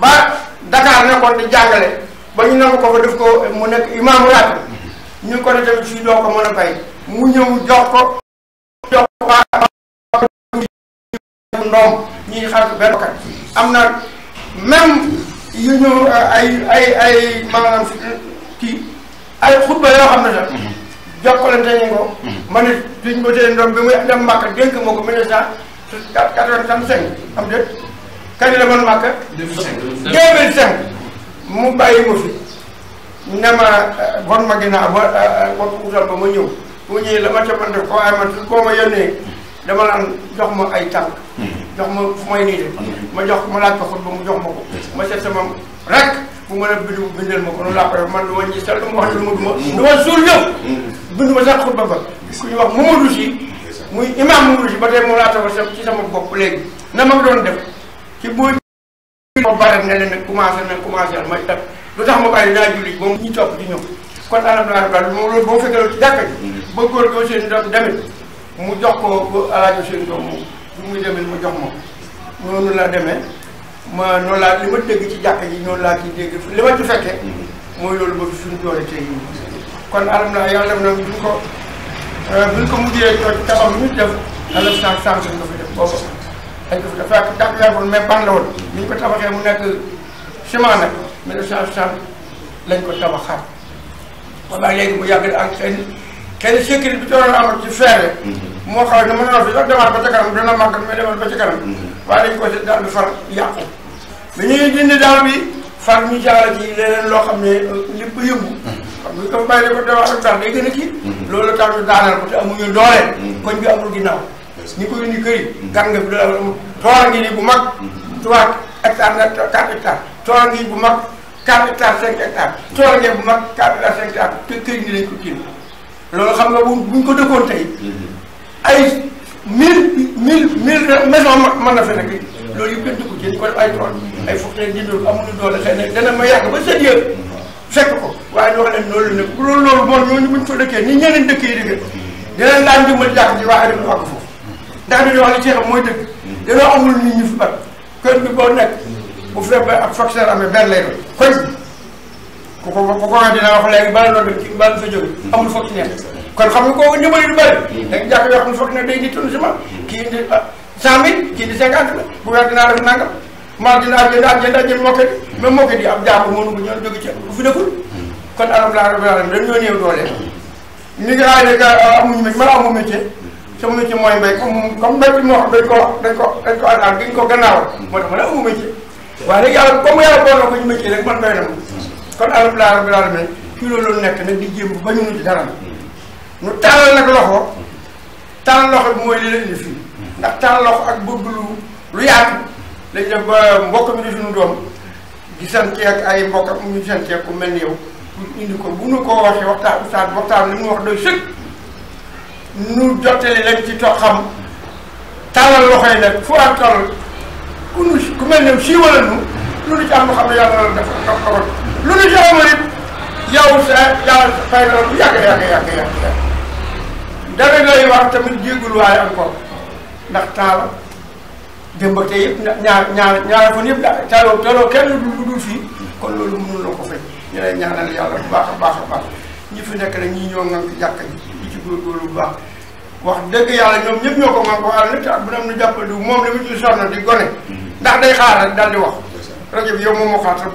[SPEAKER 6] ba Dakar nekkoon di jàngale ba ñu nangu ko ba def ko mu nekk imaamu raat ñu ko ne tamit doo ko mën a fay mu ñëw jox ko jox ko ndoom ñuy xam benn kat am na même yu ñu ma ko tee ndoom bi quatre-vingt-cinq am déet kañ la man màkka 2005 mu bàyyi ma fi ne ma bon euh, ma ginnaaw ba bopp euh, utal ba ma ñëw mu ñëwee la ma ca man def ko waaye man koo ma yónnee dama naan jox ma ay tànk hmm. jox ma fu may nii de ma jox ma laaj ko xut ba mu jox ma ko ma seet sama rek bu mën a bindal ma ko noonu laa koy man du ma ñi sal du ma wax lu ma du ma hmm. du ma suul ñëw hmm. bindu ma sax xut ba ba ku ñu wax Mamadou Sy muy imam Mamadou Sy ba tey moom laa tafal sa ci sama bopp léegi na ma doon def ci boo ñëwee baral ne leen nag commencé na commencé na may tag lu tax ma bàyyi naa julli moom ñu topp di ñëw kon alhamdulilah moom loolu boo fekkee ci jàkka ji mm. ba góor goo mu jox ko ba alaajo seen doom moom lu mu jox moom noonu la demee ma noonu laa li ma dégg ci jàkka ji noonu laa ciy dégg li ma mm. mooy loolu ba suñu doole tey kon na duñ ko euh, buñ ko mujjee tabax bi ñu def alhamdulilah sànq nga fi def boobu dañ ko fi dafa dàq yàggul mais ban la woon ni ko tabaxee mu nekk seman nag mille neuf cent lañ ko tabaxaat walla léegi mu yàgg ak seen kenn bi doon amal ci feere mm-hmm. moo xaw ne mën na fi sax demaat ba ca kanam dana mm-hmm. waaye dañ ko si daal bi far yàqu bi ñuy dindi daal bi far ñu jaara ci leneen loo xam ne lépp yëngu mm-hmm. xam nga ko bàyyi ko demaat ak daal day gën a kii loolu tax ñu daaneel ko te amuñu doole koñ bi amul ginnaaw ñu ko indi kër yi. gan nga fi dara amul toolam nii bu mag. 3 hectares na bu mag 4 hectares 5 hectares. toolam ngi bu mag 4 hectares 5 hectares te kër gi ko tiim loolu xam nga bu buñ ko dëkkoon tey. ay mille mille mille maison mën na fa nekk. loolu yëpp kenn dëkku ci ko ay tool. ay fukk tey dindi amuñu loolu loolu loolu moom ñooñu buñ fa dëkkee ni ñeneen dëkk yi dëkkee dinañ daan jëmmal jàkk ji waa Adama wax ko daanaka wax li ci xam mooy dëgg. dañoo amul nit ñu fi mat kër bi boo nekk. bu fekkee ak facteur amee benn lay doon ku ko wax dina wax léegi baal loolu ci baal fa jóge amul fonctionnaire kon xam nga kooku ñëbëri lu bëri da nga jàpp yoo xam ne foog ne di tund si man kii indi bu weer dinaa def nangam maa dina ak jënd ak jënd ak jënd mokke di même mokke di ab jaabu mënu ko ñoon jóge ci bu fi nekkul su ma métier mooy mbéy comme comme mbéy bi ma wax dañ ko dañ ko dañ ko ànd dañ ko gannaawal. moo tax ma ne amu métier.
[SPEAKER 5] waaye nag yàlla comme yàlla
[SPEAKER 6] ma. kon alhamdulilah nekk nag di jéem ba ñu mujj dara ñu tàllal nag loxo tàllal loxo bi mooy li la fii ndax tàllal loxo ak bëgg lu lu yaatu lañ def ba mbokk mi di suñu doom di ay mbokk ak ñu sant ku mel ko bu ñu ko waxee waxtaan li mu wax doy sëkk. nu jottali leen ci toxam tàllal loxo yi nag fu ak toll ku nu ku mel ne siiwala nu lu nu ci am loo xam ne yàlla la dafa dafa ko lu nu ci amul it yow sa yàlla ñaar ñaar ñaar yëpp daal taaloo taaloo kenn du dul fii kon loolu mënul la ñu lay baax a baax baax ñi fi nekk nag ñii ñoo ngank jàkk ji góorgóorlu bu baax wax dëgg yàlla ñoom ñëpp ñoo ko man ko àll te ak bu nam nu jàppandu moom mu ci sonn di gone ndax day xaar rek daal di wax rajo bi yow moom moo xaar sa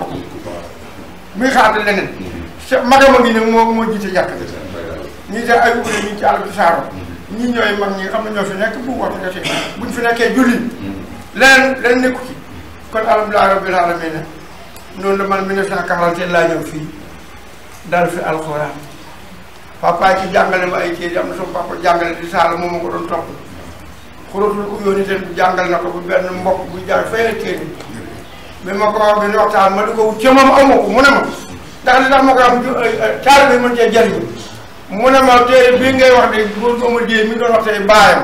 [SPEAKER 6] sa ne moo moo ñi de ay ñi ñooy mag ñi nga xam bu fi nekkee julli leneen leneen nekku ci kon alhamdulilah rabbil alamin noonu la man 1941 laa ñëw fii daal fi alxuraan papa ci jàngale ma ay téere am na sama papa jàngale di saala moom ma ko doon topp xuratul ko yónni teen jàngal na ko bu benn mbokk bu jàng fay la téere mais ma ko wax benn waxtaan ma ko wut ca moom aw ma ko mu ma ndax ko am taal bi mën cee jariñu mu ne ma téere bii ngay wax de góor gu ma dee mi doon wax tey baayam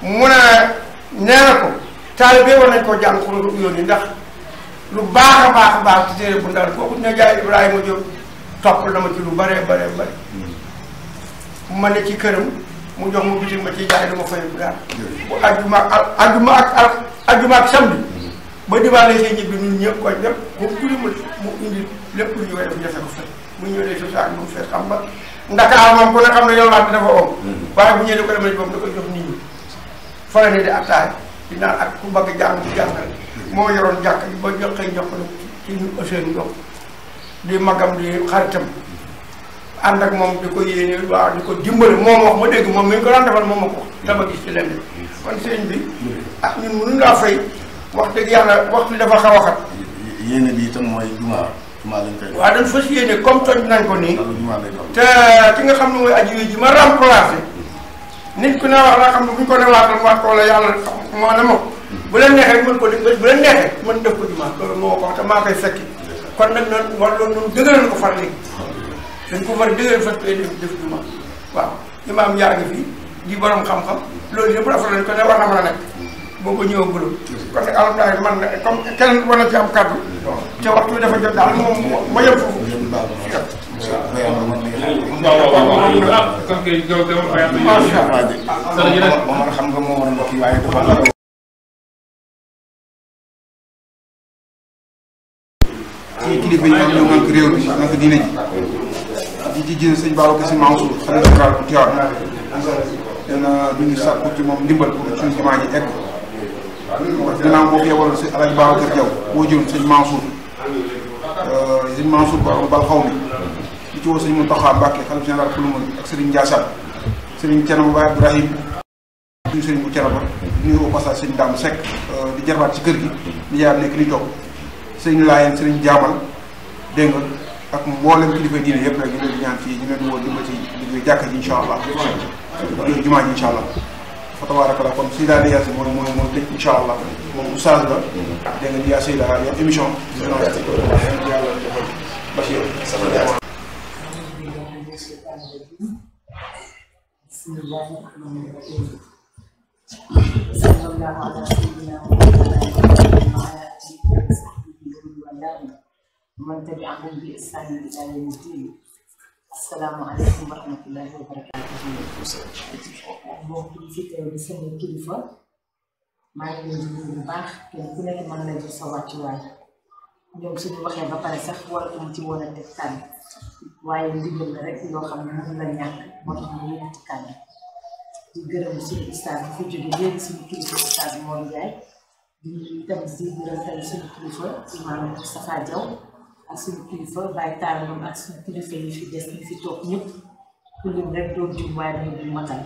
[SPEAKER 6] mu ne nee nañ ko yónni ndax lu baax a baax a baax ci téere bu ndax kooku ne jaay Ibrahima Diop topp la ma ci lu bare bëree bëri hmm. ma ne ci këram mu jox mu bitig ma ci jaay du ma fay bu àjjuma ak àjjuma ak àjjuma ak samedi hmm. ba dibaale see ñibbi ñun ñëpp koñ ñëpp moom turi mu mu lépp lu ñu koy def jafe ko fay mu ñëwee su saak mu fees xam nga Ndakaar moom ku ne xam ne yow laata dafa om hmm. waaye bu ñëwee di ko demee di attaay di naan ak ku bëgg jàng ci jàngal moo yoroon jàkk ba jox xëy jox ko ci ñu ëseen jox di magam di xaritam ànd ak moom di ko yéene waaw di ko dimbali moom wax ma dégg moom mi ñu ko daan defal moom ma ko dama gis ci bi ah ñun mënuñu laa wax dëgg yàlla waxtu dafa xaw a xat
[SPEAKER 4] yéene bi itam mooy jumaa jumaa lañ
[SPEAKER 6] koy waaw dañ fas ko nii te ki nga xam ne mooy aji ji ma remplacé nit ku xam ne bu ñu ko ne waatal wax ko yàlla moo ne ma bu leen neexee mën ko di bu leen neexee mën def ko jumaa loolu moo ko maa koy fekki kon nag noonu war loolu noonu dëgëral ko far léegi dañ ko war a dëgëral fas koy def def jumaa waaw imaam yaa ngi fi di borom xam-xam loolu yëpp rafetlu nañ ko ne war na mën a nekk boo ko ñëwee gulub kon nag alhamdulilah man na comme kenn war na ci am kàddu te waxtu bi dafa jot daal moom ma yem foofu waaw waaw waaw waaw waaw. kon kay Diop Diop. waaw waaw waaw. sëñ
[SPEAKER 1] bi nag
[SPEAKER 3] xam nga moo waroon mbokk yi waaye dafa
[SPEAKER 2] kii kilifa yi ñoo mën ko réew mi ñoo ko diine ji di ci jël sëñ Babacar Sy Mansour xale si baal ko Tivaouane dana du ñu sàkku ci moom ndimbal pour suñu jumaa ji egg gannaaw boo fee waral si Alaaji Babacar Diaw euh, di ci bu Thiénaba di nuyu au passage sëñ euh, jarbaat ci kër gi ni yaar nekk ni toog sëñ Laayeen sëñ Jaabal dégg nga ak mboolem kilifa diine yëpp rek ñu leen di ñaan fii ñu leen di woo ji incha allah. jumaa ji incha allah. fa tabaaraka la kon Seyda Aliya si mooy mooy mooy tëj incha allah moom oustaz la. dégg nga di yaa Seyda yow émission. yàlla na yàlla defal Bachir. bismillah.
[SPEAKER 7] الله ومن تبعهم بإحسان إلى يوم الدين السلام عليكم ngi di nuyu bu baax kenn ku nekk mën na jox sa wàccuwaay ñoom suñu waxee ba pare sax waratuñ ci woon a teg waaye ndigal la rek yoo xam ne mën la ñàkk moo tax ñu yëkkati kàddu di gërëm suñu ustaas bi fi jóge léegi suñu kilifa ustaas Mor Ndiaye di dem si biir tey suñu kilifa Imaam Moustapha Diaw ak suñu kilifa Baye Tall moom ak suñu kilifa yi fi des ñu fi toog ñëpp ku lim rek doon jum waaye ñu matal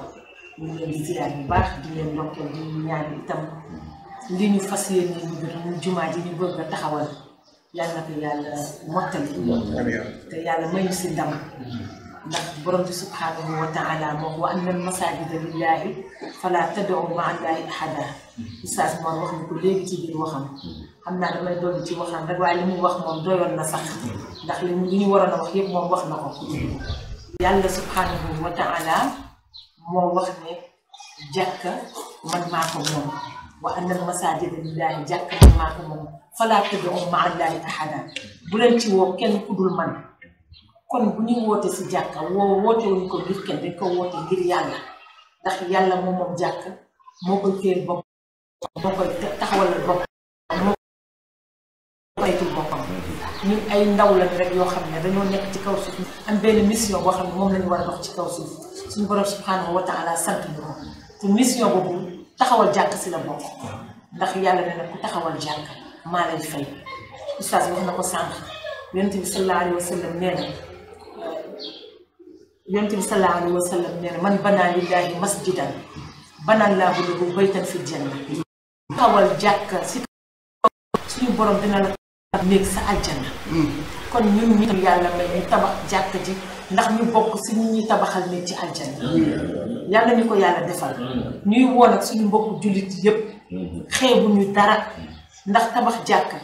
[SPEAKER 7] ñu leen di ziar bu baax di leen ndokkeel di ñaan itam li ñu fas yéene mu jumaa ji ñu bëgg a taxawal yàlla ko yàlla mottali te yàlla mayu si ndam
[SPEAKER 5] mm-hmm.
[SPEAKER 7] ndax borom bi subhaanahu wa taala moom wa anna masaajida lillaahi na ko léegi ci biir waxam xam naa damay dolli ci waxam rek li mu wax moom doyoon na sax ndax li ñu waroon moom wax na ko yàlla subhaanahu wa taala moo wax ne jàkka man maa ko moom wa anna masaajida lillaahi jàkka man maa moom falaa tad'u ma'a llaahi ahadaa bu leen ci kenn ku dul man kon bu ñuy woote si jàkka woo woote wuñ ko ngir kenn dañ ko woote ngir yàlla ndax yàlla moom moom jàkk moo koy téel bopp moo koy boppam ñun ay ndaw lañ rek yoo xam ne dañoo nekk ci kaw suuf am benn mission boo xam a dox ci kaw suuf boobu taxawal jàkk si la bokk ndax yàlla ne nag ku taxawal jàkk maa lay fay oustaz wax na ko sànq yonent bi sallallahu alayhi wa nee na yonent bi sallallahu alayhi wa sallam nee na man banaa lillaahi masjidan banaa llaahu lahu baytan fi janna kawal jàkka si suñu borom dina la néeg sa aljanna mm. kon ñun ñi yàlla may ñu tabax ji ndax ñu bokk si tabaxal néeg ci aljanna mm. yàlla ñu ko yàlla defal mm. ñuy woon suñu mbokk jullit yépp mm-hmm. xeebuñu dara ndax tabax jàkka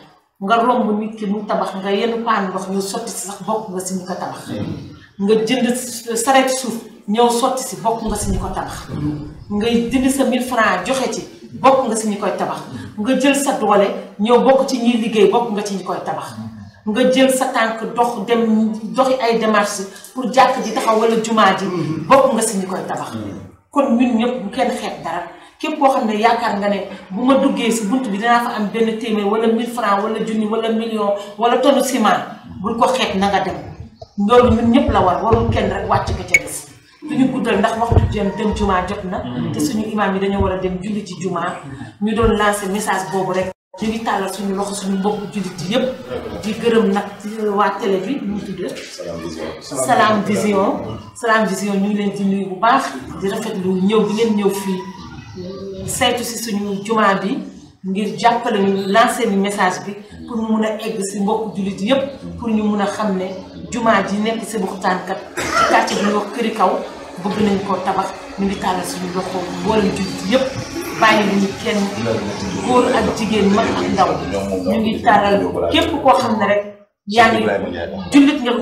[SPEAKER 7] nga romb nit ki mu tabax nga yenn paan ndox ñu sotti sax bokk nga si ñu ko tabax nga jënd saret suuf ñëw sotti si bokk nga si ñu ko tabax. nga jënd sa 1000 francs joxe ci bokk nga si ñu koy tabax. nga jël sa doole ñëw bokk ci ñiy liggéey bokk nga ci ñu koy tabax. nga jël sa tànk dox dem doxi ay démarches pour jàkk ji taxaw wala jumaa ji. bokk nga si ñu koy tabax. kon ñun ñëpp bu kenn xeet dara. képp koo xam ne yaakaar nga ne bu ma duggee si bunt bi dinaa fa am benn téeméer wala 1000 francs wala junni wala million wala tonne ciment bul ko xeet na dem. loolu ñun ñëpp la war warul kenn rek wàcc ko ca des duñu guddal ndax waxtu jëm dem jumaa jot na mm. te suñu imaam yi dañoo war a dem julli ci jumaa ñu doon lancer message boobu rek ñu tàllal suñu loxo suñu mbokk jullit yi yëpp di gërëm nag waa télé bi ñu tudd Salam Vision Salam Vision ngi leen di nuyu bu baax di rafetlu ñëw bi ngeen ñëw fii saytu si suñu jumaa bi ngir jàppale ñu lancer ni message bi pour mu mun a egg si mbokk jullit yëpp pour ñu mun a xam ne jumaa ji nekk si buxtaankat ci quartier bi ñuy këri kaw bëgg nañ ko tabax ñu ngi tàllal suñu loxo mboolem jullit yëpp bàyyi nañu jigéen mag ak xam ne rek yaa ngi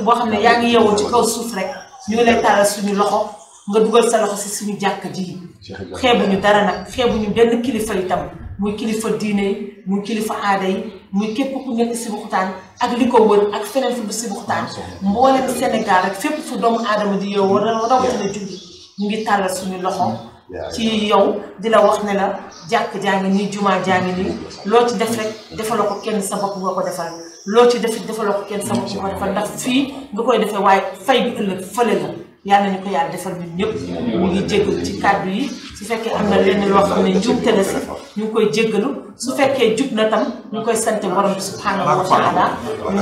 [SPEAKER 7] boo xam ne yaa ngi yeewoo ci kaw suuf rek ñu ngi lay tàllal suñu loxo nga dugal sa loxo si suñu jàkk ji xeebuñu dara nag xeebuñu benn kilifa itam muy kilifa diine yi muy kilifa aada yi muy képp ku nekk Sébikotane ak li ko wër ak feneen fi bu Sébikotane mboolem Sénégal ak fépp fu doomu aadama di yow mm-hmm. rawatina julli ñu ngi tàllal suñu loxo mm-hmm. ci yow di la wax ne la jàkk jaa ngi nii jumaa jaa ngi nii loo ci def rek defaloo ko kenn sa bopp nga ko defal loo ci def defaloo ko kenn sa bopp ko defal ndax fii nga koy defee waaye fay bi ëllëg fële la yàlla ñu ko yàlla defal ñun ñëpp ñu ngi jéggalu ci kàddu yi su fekkee am na lenn loo xam ne njuumte la si ñu ngi koy jéggalu su fekkee jub na tam ñu koy sant borom bi subhaanahu wa taala ñu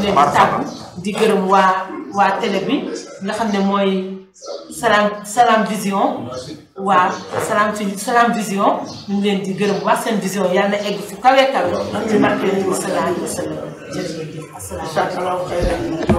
[SPEAKER 7] di tàggu waa waa télé bi nga xam ne mooy Salam Salam Vision waa Salam Salam Vision ñu leen di gërëm waa seen vision yàlla na egg fu kawe kawe ci barke Yonent bi sallallahu alayhi wa